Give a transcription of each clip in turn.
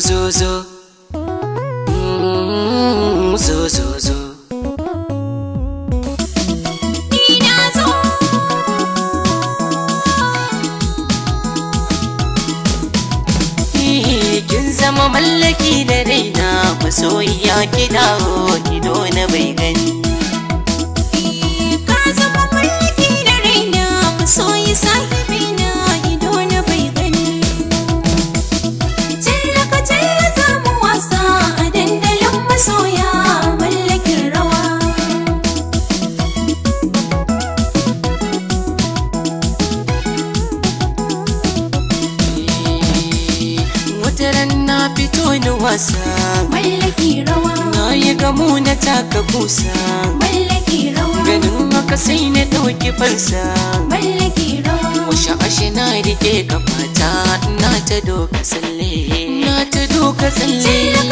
zo zo zo zo zo kin zama mallaki da raina masoyiya ki dawo ki na bai gani wasa mallaki rawa na yi gamu na taka kusa mallaki rawa ganin maka sai na dauki falsa mallaki rawa musha ashe na rike kafata na ta doka tsalle na ta doka tsalle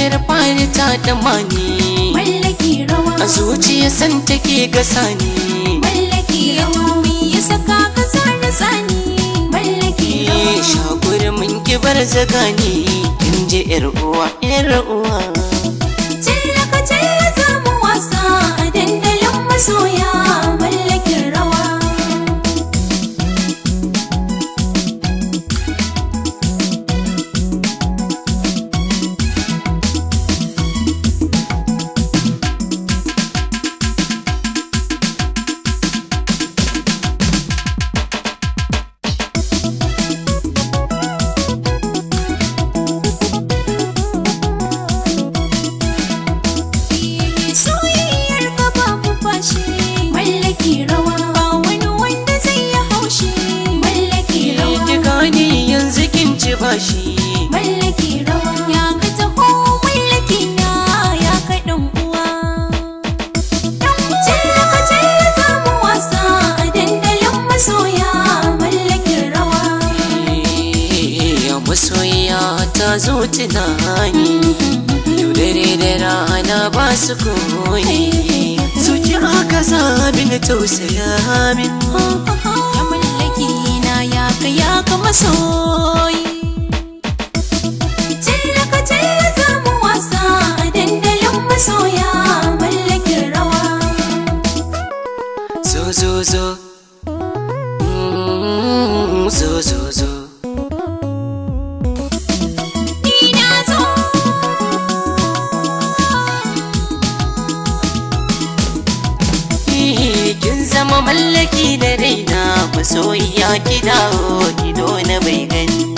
Yar fari ta da mani Mallaki rawa A zuciya san take ga sani Mallaki rawa Mi ya saka ka sani sani Mallaki rawa eh, Shakuri mun ki bar zagani In ji yar uwa yar uwa na zuci da yau dare da rana ba su koyi suke aka sami na tausaya min ya mallaki na ya ka ya ka masoyi Soya mallakin rawa Zo zo zo mm, zo zo zama mallaki da raina masoyiya ki dawo ki na bai gani